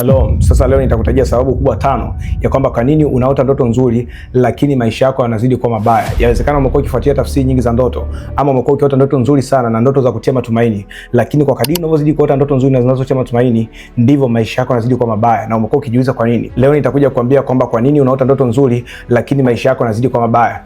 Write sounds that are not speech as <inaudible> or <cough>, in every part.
Shalom. Sasa leo nitakutajia sababu kubwa tano ya kwamba kwa nini unaota ndoto nzuri lakini maisha yako yanazidi kuwa mabaya. Yawezekana umekuwa ukifuatia tafsiri nyingi za ndoto ama umekuwa ukiota ndoto nzuri sana na ndoto za kutia matumaini, lakini kwa kadiri unavyozidi kuota ndoto nzuri na zinazotia matumaini ndivyo maisha yako yanazidi kuwa mabaya na umekuwa ukijiuliza kwa nini. Leo nitakuja kukuambia kwamba kwa nini unaota ndoto nzuri lakini maisha yako yanazidi kuwa mabaya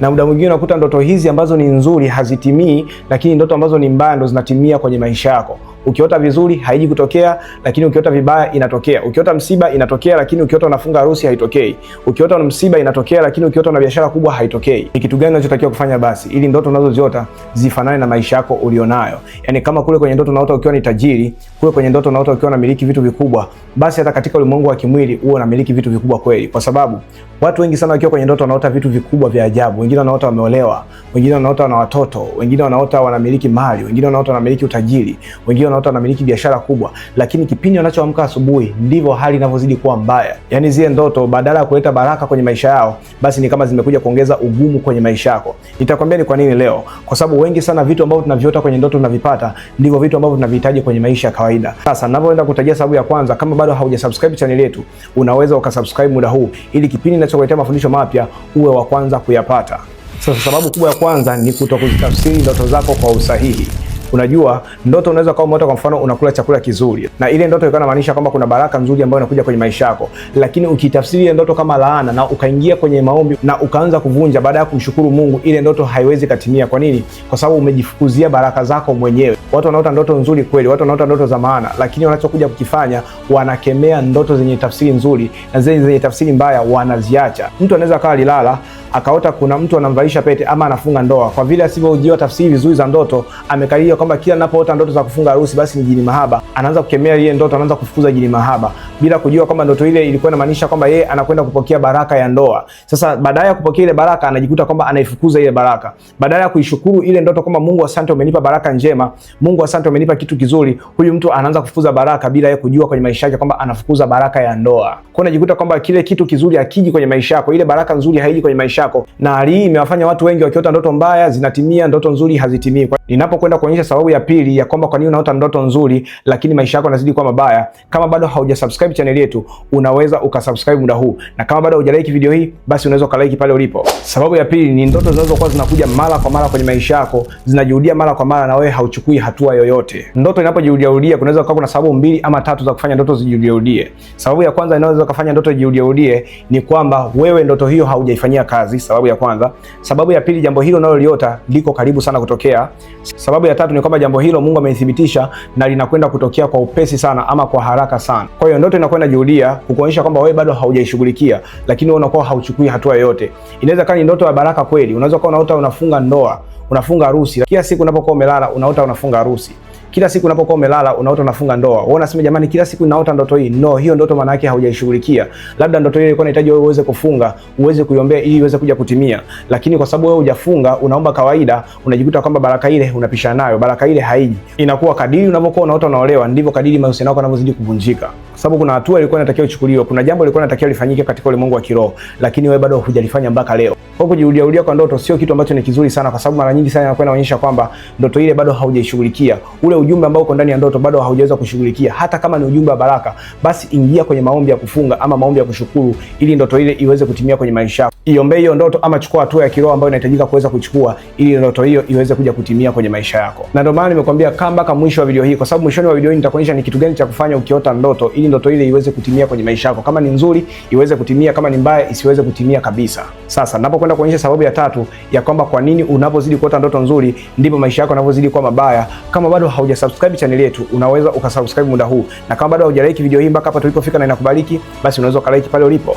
na muda mwingine unakuta ndoto hizi ambazo ni nzuri hazitimii, lakini ndoto ambazo ni mbaya ndo zinatimia kwenye maisha yako. Ukiota vizuri haiji kutokea, lakini ukiota vibaya inatokea. Ukiota msiba inatokea, lakini ukiota unafunga harusi haitokei. Ukiota msiba inatokea, lakini ukiota una biashara kubwa haitokei. Ni kitu gani unachotakiwa kufanya basi ili ndoto unazoziota zifanane na maisha yako ulionayo? Yani kama kule kwenye ndoto unaota ukiwa ni tajiri uwe kwenye ndoto na unaota ukiwa unamiliki vitu vikubwa, basi hata katika ulimwengu wa kimwili uwe unamiliki vitu vikubwa kweli, kwa sababu watu wengi sana wakiwa kwenye ndoto wanaota vitu vikubwa vya ajabu. Wengine wanaota wameolewa, wengine wanaota wana watoto, wengine wanaota wanamiliki mali, wengine wanaota wanamiliki utajiri, wengine wanaota wanamiliki biashara kubwa, lakini kipindi wanachoamka asubuhi ndivyo hali inavyozidi kuwa mbaya. Yani zile ndoto badala ya kuleta baraka kwenye maisha yao, basi ni kama zimekuja kuongeza ugumu kwenye maisha yako. Nitakwambia ni kwa nini leo, kwa sababu wengi sana vitu ambavyo tunaviota kwenye ndoto tunavipata ndivyo vitu ambavyo tunavihitaji kwenye maisha ya kawaida kawaida. Sasa ninavyoenda kutajia sababu ya kwanza, kama bado haujasubscribe channel yetu, unaweza ukasubscribe muda huu ili kipindi ninachokuletea mafundisho mapya uwe wa kwanza kuyapata. Sasa sababu kubwa ya kwanza ni kutokuzitafsiri ndoto zako kwa usahihi. Unajua, ndoto unaweza kuwa umeota, kwa mfano unakula chakula kizuri, na ile ndoto ikawa inamaanisha kwamba kuna baraka nzuri ambayo inakuja kwenye maisha yako, lakini ukitafsiri ile ndoto kama laana na ukaingia kwenye maombi na ukaanza kuvunja baada ya kumshukuru Mungu, ile ndoto haiwezi katimia. Kwa nini? Kwa sababu umejifukuzia baraka zako mwenyewe. Watu wanaota ndoto nzuri kweli, watu wanaota ndoto za maana, lakini wanachokuja kukifanya wanakemea ndoto zenye tafsiri nzuri na zile zenye tafsiri mbaya wanaziacha. Mtu anaweza akawa alilala akaota kuna mtu anamvalisha pete ama anafunga ndoa. Kwa vile asivyojua tafsiri vizuri za ndoto, amekalia kwamba kila anapoota ndoto za kufunga harusi basi ni jini mahaba. Anaanza kukemea ile ndoto, anaanza kufukuza jini mahaba bila kujua kwamba ndoto ile ilikuwa inamaanisha kwamba yeye anakwenda kupokea baraka ya ndoa. Sasa baadaye ya kupokea ile baraka, anajikuta kwamba anaifukuza ile baraka, badala ya kuishukuru ile ndoto kwamba Mungu, asante umenipa baraka njema Mungu asante, umenipa kitu kizuri. Huyu mtu anaanza kufukuza baraka bila yeye kujua kwenye maisha yake kwamba anafukuza baraka ya ndoa. Kwa unajikuta kwamba kile kitu kizuri hakiji kwenye maisha yako, ile baraka nzuri haiji kwenye maisha yako, na hali hii imewafanya watu wengi wakiota ndoto mbaya zinatimia, ndoto nzuri hazitimii. Ninapokwenda kuonyesha sababu ya pili ya kwamba kwa nini unaota ndoto nzuri lakini maisha yako yanazidi kuwa mabaya, kama bado haujasubscribe channel yetu, unaweza ukasubscribe muda huu, na kama bado hujalike video hii, basi unaweza ukalike pale ulipo. Sababu ya pili ni ndoto zinazokuwa zinakuja mara kwa mara kwenye maisha yako, zinajirudia mara kwa mara, na wewe hauchukui hatua hatua yoyote. Ndoto inapojirudiarudia kunaweza kuwa kuna sababu mbili ama tatu za kufanya ndoto zijirudiarudie. Sababu ya kwanza inaweza kufanya ndoto ijirudiarudie ni kwamba wewe ndoto hiyo haujaifanyia kazi, sababu ya kwanza. Sababu ya pili, jambo hilo unaloliota liko karibu sana kutokea. Sababu ya tatu ni kwamba jambo hilo Mungu amethibitisha na linakwenda kutokea kwa upesi sana ama kwa haraka sana. Kwa hiyo ndoto inakwenda jirudia kukuonyesha kwamba wewe bado haujaishughulikia, lakini wewe unakuwa hauchukui hatua yoyote. Inaweza kuwa ni ndoto ya baraka kweli, unaweza kuwa unaota unafunga ndoa unafunga harusi. Kila siku unapokuwa umelala unaota unafunga harusi. Kila siku unapokuwa umelala unaota unafunga ndoa. Wewe unasema jamani, kila siku ninaota ndoto hii. No, hiyo ndoto maana yake haujaishughulikia. Labda ndoto hiyo ilikuwa inahitaji wewe uweze kufunga, uweze kuiombea ili iweze kuja kutimia. Lakini kwa sababu wewe hujafunga, unaomba kawaida, unajikuta kwamba baraka ile unapishana nayo, baraka ile haiji. Inakuwa kadiri unapokuwa unaota unaolewa, ndivyo kadiri mahusiano yako yanavyozidi kuvunjika. Kwa sababu kuna hatua ilikuwa inatakiwa ichukuliwe, kuna jambo lilikuwa linatakiwa lifanyike katika ulimwengu wa kiroho, lakini wewe bado hujalifanya mpaka leo. Kwa hiyo kwa ndoto sio kitu ambacho ni kizuri sana, kwa sababu mara nyingi sana inakuwa inaonyesha kwamba ndoto ile bado haujaishughulikia, ule ujumbe ambao uko ndani ya ndoto bado haujaweza kushughulikia. Hata kama ni ujumbe wa baraka, basi ingia kwenye maombi ya kufunga ama maombi ya kushukuru, ili ndoto ile iweze kutimia kwenye maisha iombe hiyo ndoto ama chukua hatua ya kiroho ambayo inahitajika kuweza kuchukua ili ndoto hiyo iweze kuja kutimia kwenye maisha yako. Na ndio maana nimekuambia kaa mpaka mwisho wa video hii, kwa sababu mwishoni wa video hii nitakuonyesha ni kitu gani cha kufanya ukiota ndoto ili ndoto ile iweze kutimia kwenye maisha yako, kama ni nzuri iweze kutimia, kama ni mbaya isiweze kutimia kabisa. Sasa napokwenda kuonyesha sababu ya tatu ya kwamba kwa nini unapozidi kuota ndoto nzuri ndipo maisha yako yanapozidi kuwa mabaya. Kama bado haujasubscribe channel yetu, unaweza ukasubscribe muda huu, na kama bado haujalike video hii mpaka hapa tulipofika na inakubariki, basi unaweza ukalike pale ulipo.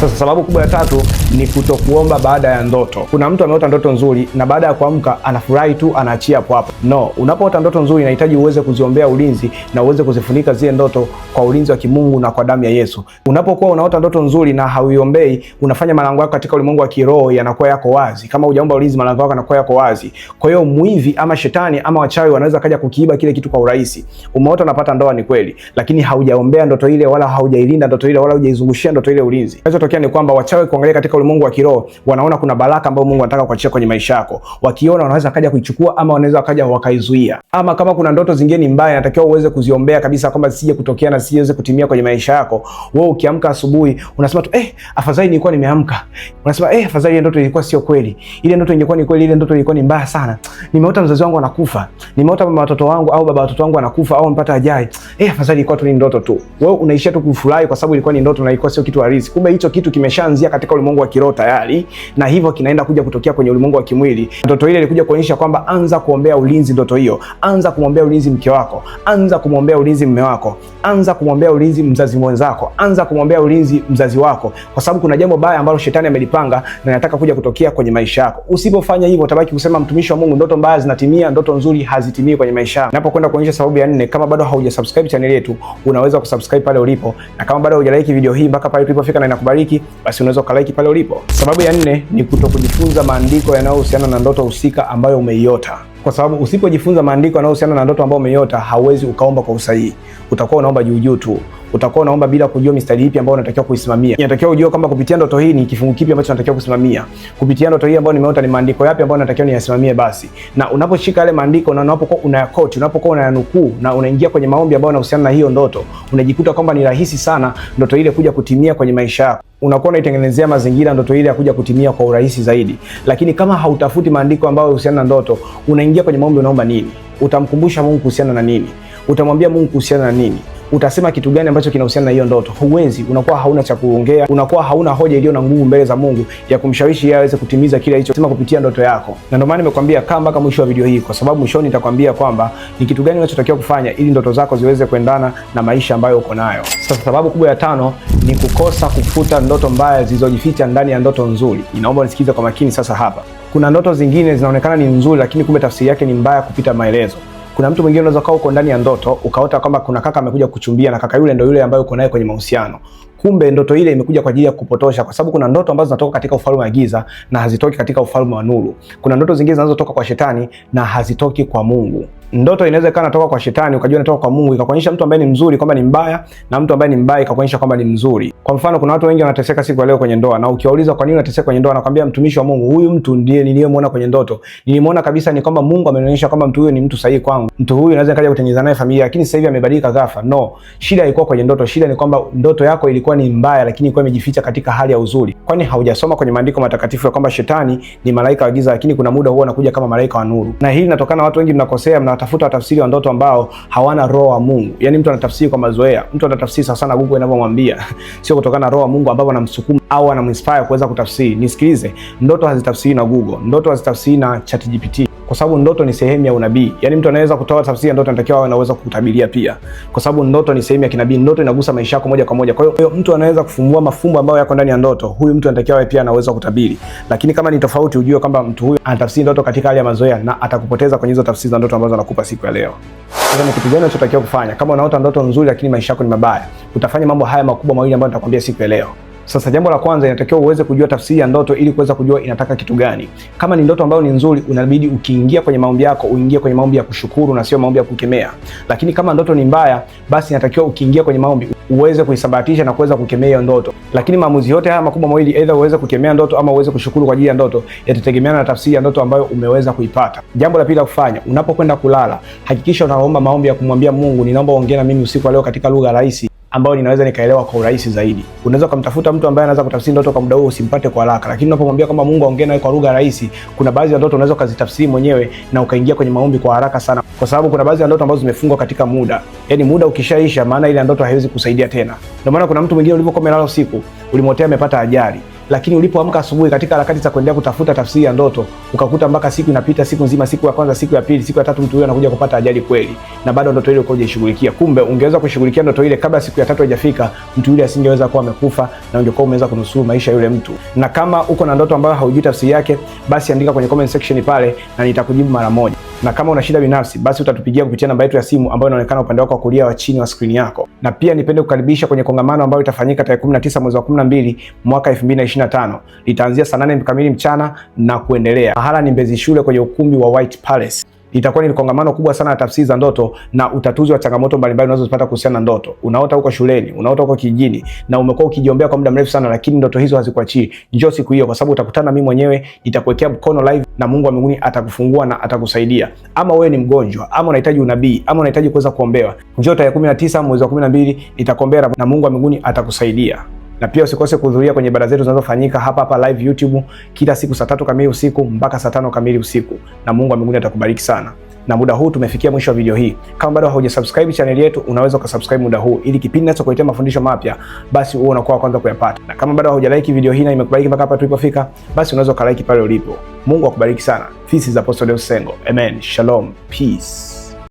Sasa sababu kubwa ya tatu ni kutokuomba baada ya ndoto. Kuna mtu ameota ndoto nzuri na baada ya kuamka anafurahi tu, anaachia hapo hapo. No, unapoota ndoto nzuri inahitaji uweze kuziombea ulinzi na uweze kuzifunika zile ndoto kwa ulinzi wa kimungu na kwa damu ya Yesu. Unapokuwa unaota ndoto nzuri na hauiombei, unafanya malango yako katika ulimwengu wa kiroho yanakuwa yako wazi. Kama hujaomba ulinzi, malango yako yanakuwa yako wazi. Kwa hiyo mwivi ama shetani ama wachawi wanaweza kaja kukiiba kile kitu kwa urahisi. Umeota unapata ndoa, ni kweli, lakini haujaombea ndoto ile wala haujailinda ndoto ile wala haujaizungushia ndoto ile ulinzi. Kinachotokea ni kwamba wachawi kuangalia katika ulimwengu Mungu wa kiroho, wanaona kuna baraka ambayo Mungu anataka kuachia kwenye maisha yako. Wakiona wanaweza kaja kuichukua ama wanaweza wakaja wakaizuia. Ama kama kuna ndoto zingine mbaya natakiwa uweze kuziombea kabisa kwamba zisije kutokea na zisiweze kutimia kwenye maisha yako. Wewe ukiamka asubuhi unasema tu eh, afadhali nilikuwa nimeamka. Unasema eh, afadhali ile ndoto ilikuwa sio kweli. Ile ndoto ingekuwa ni kweli, ile ndoto ilikuwa ni mbaya sana. Nimeota mzazi wangu anakufa. Nimeota mama watoto wangu au baba watoto wangu anakufa au mpata ajali. Eh, afadhali ilikuwa tu ni ndoto tu. Wewe unaishia tu kufurahi kwa sababu ilikuwa ni ndoto na ilikuwa sio kitu halisi. Kumbe hicho kitu kimeshaanzia katika ulimwengu wa kiroho kiroho tayari, na hivyo kinaenda kuja kutokea kwenye ulimwengu wa kimwili. Ndoto ile ilikuja kuonyesha kwamba anza kuombea ulinzi ndoto hiyo, anza kumwombea ulinzi mke wako, anza kumwombea ulinzi mme wako, anza kumwombea ulinzi mzazi mwenzako, anza kumwombea ulinzi mzazi wako, kwa sababu kuna jambo baya ambalo shetani amelipanga na nataka kuja kutokea kwenye maisha yako. Usipofanya hivyo, utabaki kusema mtumishi wa Mungu, ndoto mbaya zinatimia, ndoto nzuri hazitimii kwenye maisha yako. Napokwenda kuonyesha sababu ya nne, kama bado haujasubscribe channel yetu, unaweza kusubscribe pale ulipo, na kama bado hujalike video hii mpaka pale tulipofika na inakubariki, basi unaweza ukalike pale ulipo. Sababu ya nne ni kuto kujifunza maandiko yanayohusiana na ndoto husika ambayo umeiota, kwa sababu usipojifunza maandiko yanayohusiana na ndoto ambayo umeiota, hauwezi ukaomba kwa usahihi, utakuwa unaomba juujuu tu utakuwa unaomba bila kujua mistari ipi ambayo unatakiwa kuisimamia. Inatakiwa ujue kwamba kupitia ndoto hii ni kifungu kipi ambacho unatakiwa kusimamia. Kupitia ndoto hii ambayo nimeota ni maandiko yapi ambayo unatakiwa niyasimamie basi. Na unaposhika yale maandiko na unapokuwa unayakoti, unapokuwa unayanukuu na unaingia kwenye maombi ambayo yanahusiana na hiyo ndoto, unajikuta kwamba ni rahisi sana ndoto ile kuja kutimia kwenye maisha yako unakuwa unaitengenezea mazingira ndoto ile ya kuja kutimia kwa urahisi zaidi. Lakini kama hautafuti maandiko ambayo husiana na ndoto, unaingia kwenye maombi, unaomba nini? Utamkumbusha Mungu kuhusiana na nini? Utamwambia Mungu kuhusiana na nini? utasema kitu gani ambacho kinahusiana na hiyo ndoto? Huwezi, unakuwa hauna cha kuongea, unakuwa hauna hoja iliyo na nguvu mbele za Mungu ya kumshawishi yeye aweze kutimiza kile alicho sema kupitia ndoto yako. Na ndio maana nimekwambia kaa mpaka mwisho wa video hii, kwa sababu mwishoni nitakwambia kwamba ni kitu gani unachotakiwa kufanya ili ndoto zako ziweze kuendana na maisha ambayo uko nayo. Sasa sababu kubwa ya tano ni kukosa kufuta ndoto mbaya zilizojificha ndani ya ndoto nzuri. Inaomba unisikize kwa makini sasa hapa. Kuna ndoto zingine zinaonekana ni nzuri, lakini kumbe tafsiri yake ni mbaya kupita maelezo. Kuna mtu mwingine unaweza kuwa uko ndani ya ndoto ukaota kwamba kuna kaka amekuja kuchumbia na kaka yule ndio yule ambaye uko naye kwenye mahusiano. Kumbe ndoto ile imekuja kwa ajili ya kupotosha, kwa sababu kuna ndoto ambazo zinatoka katika ufalme wa giza na hazitoki katika ufalme wa nuru. Kuna ndoto zingine zinazotoka kwa shetani na hazitoki kwa Mungu ndoto inaweza ikawa inatoka kwa shetani ukajua inatoka kwa Mungu, ikakuonyesha mtu ambaye ni mzuri kwamba ni mbaya na mtu ambaye ni mbaya ikakuonyesha kwamba ni mzuri. Kwa mfano, kuna watu wengi wanateseka siku ya leo kwenye ndoa, na ukiwauliza kwa nini unateseka kwenye ndoa, anakuambia mtumishi wa Mungu, huyu mtu ndiye niliyemwona kwenye ndoto, nilimwona kabisa ni kwamba Mungu amenionyesha kwamba mtu huyo ni mtu sahihi kwangu, mtu huyu naweza nikaja kutengeneza naye familia, lakini sasa hivi amebadilika ghafla. No, shida ilikuwa kwenye ndoto. Shida ni kwamba ndoto yako ilikuwa ni mbaya, lakini ilikuwa imejificha katika hali ya uzuri. Kwani haujasoma kwenye maandiko matakatifu ya kwamba shetani ni malaika wa giza, lakini kuna muda huwa anakuja kama malaika wa nuru, na hili linatokana watu wengi mnakosea mna wanatafuta watafsiri wa ndoto ambao hawana roho wa Mungu. Yaani mtu anatafsiri kwa mazoea, mtu anatafsiri sana sana Google inavyomwambia, <laughs> sio kutokana na roho wa Mungu ambapo anamsukuma au anamwinspire kuweza kutafsiri. Nisikilize, ndoto hazitafsiri na Google, ndoto hazitafsiri na ChatGPT kwa sababu ndoto ni sehemu ya unabii. Yaani mtu anaweza kutoa tafsiri ya ndoto, anatakiwa awe anaweza kukutabiria pia, kwa sababu ndoto ni sehemu ya kinabii. Ndoto inagusa maisha yako moja kwa moja. Kwa hiyo mtu anaweza kufumbua mafumbo ambayo yako ndani ya ndoto, huyu mtu anatakiwa awe pia anaweza kutabiri. Lakini kama ni tofauti, ujue kwamba mtu huyu anatafsiri ndoto katika hali ya mazoea na atakupoteza kwenye hizo tafsiri za ndoto ambazo anakupa siku ya leo. Sasa ni kitu gani unachotakiwa kufanya? Kama unaota ndoto nzuri lakini maisha yako ni mabaya, utafanya mambo haya makubwa mawili ambayo nitakwambia siku ya leo. Sasa jambo la kwanza, inatakiwa uweze kujua tafsiri ya ndoto ili kuweza kujua inataka kitu gani. Kama ni ndoto ambayo ni nzuri, unabidi ukiingia kwenye maombi yako uingie kwenye maombi ya kushukuru na sio maombi ya kukemea. Lakini kama ndoto ni mbaya, basi inatakiwa ukiingia kwenye maombi uweze kuisabatisha na kuweza kukemea hiyo ndoto. Lakini maamuzi yote haya makubwa mawili, aidha uweze kukemea ndoto ama uweze kushukuru kwa ajili ya ndoto, yatategemeana na tafsiri ya ndoto ambayo umeweza kuipata. Jambo la pili la kufanya, unapokwenda kulala, hakikisha unaomba maombi ya kumwambia Mungu, ninaomba uongee na mimi usiku wa leo katika lugha rahisi ambayo ninaweza nikaelewa kwa urahisi zaidi. Unaweza kumtafuta mtu ambaye anaweza kutafsiri ndoto kwa muda huo usimpate kwa haraka, lakini unapomwambia kwamba Mungu aongee nawe kwa lugha rahisi, kuna baadhi ya ndoto unaweza ukazitafsiri mwenyewe na ukaingia kwenye maombi kwa haraka sana, kwa sababu kuna baadhi ya ndoto ambazo zimefungwa katika muda, yaani muda ukishaisha, maana ile ndoto haiwezi kusaidia tena. Ndio maana kuna mtu mwingine ulivyokuwa umelala usiku, ulimwotea amepata ajali lakini ulipoamka asubuhi katika harakati za kuendelea kutafuta tafsiri ya ndoto ukakuta mpaka siku inapita, siku nzima, siku ya kwanza, siku ya pili, siku ya tatu, mtu huyo anakuja kupata ajali kweli, na bado ndoto ile hujaishughulikia. Kumbe ungeweza kushughulikia ndoto ile kabla siku ya tatu haijafika, mtu yule asingeweza kuwa amekufa na ungekuwa umeweza kunusuru maisha yule mtu. Na kama uko na ndoto ambayo haujui tafsiri yake, basi andika kwenye comment section pale na nitakujibu mara moja na kama una shida binafsi, basi utatupigia kupitia namba yetu ya simu ambayo inaonekana upande wako wa kulia wa chini wa skrini yako. Na pia nipende kukaribisha kwenye kongamano ambayo itafanyika tarehe 19 mwezi wa 12 mwaka 2025. Litaanzia saa 8 kamili mchana na kuendelea. Mahala ni Mbezi Shule kwenye ukumbi wa White Palace itakuwa ni kongamano kubwa sana ya tafsiri za ndoto na utatuzi wa changamoto mbalimbali unazozipata kuhusiana na ndoto. Unaota huko shuleni, unaota huko kijijini na umekuwa ukijiombea kwa muda mrefu sana, lakini ndoto hizo hazikuachii. Njoo siku hiyo, kwa sababu utakutana mimi mwenyewe, nitakuwekea mkono live na Mungu wa mbinguni atakufungua na atakusaidia. Ama wewe ni mgonjwa, ama unahitaji unabii, ama unahitaji kuweza kuombewa, njoo tarehe 19 mwezi wa 12 nitakuombea na Mungu wa mbinguni atakusaidia na pia usikose kuhudhuria kwenye ibada zetu zinazofanyika hapa hapa live YouTube kila siku saa tatu kamili usiku mpaka saa tano kamili usiku, na Mungu wa mbinguni atakubariki sana. Na muda huu tumefikia mwisho wa video hii. Kama bado haujasubscribe channel yetu, unaweza ukasubscribe muda huu, ili kipindi ninachokuletea mafundisho mapya, basi uwe unakuwa wa kwanza kuyapata. Na kama bado haujalike video hii na imekubariki mpaka hapa tulipofika, basi unaweza ukalike pale ulipo. Mungu akubariki sana. This is Apostle Deusi Sengo. Amen. Shalom. Peace.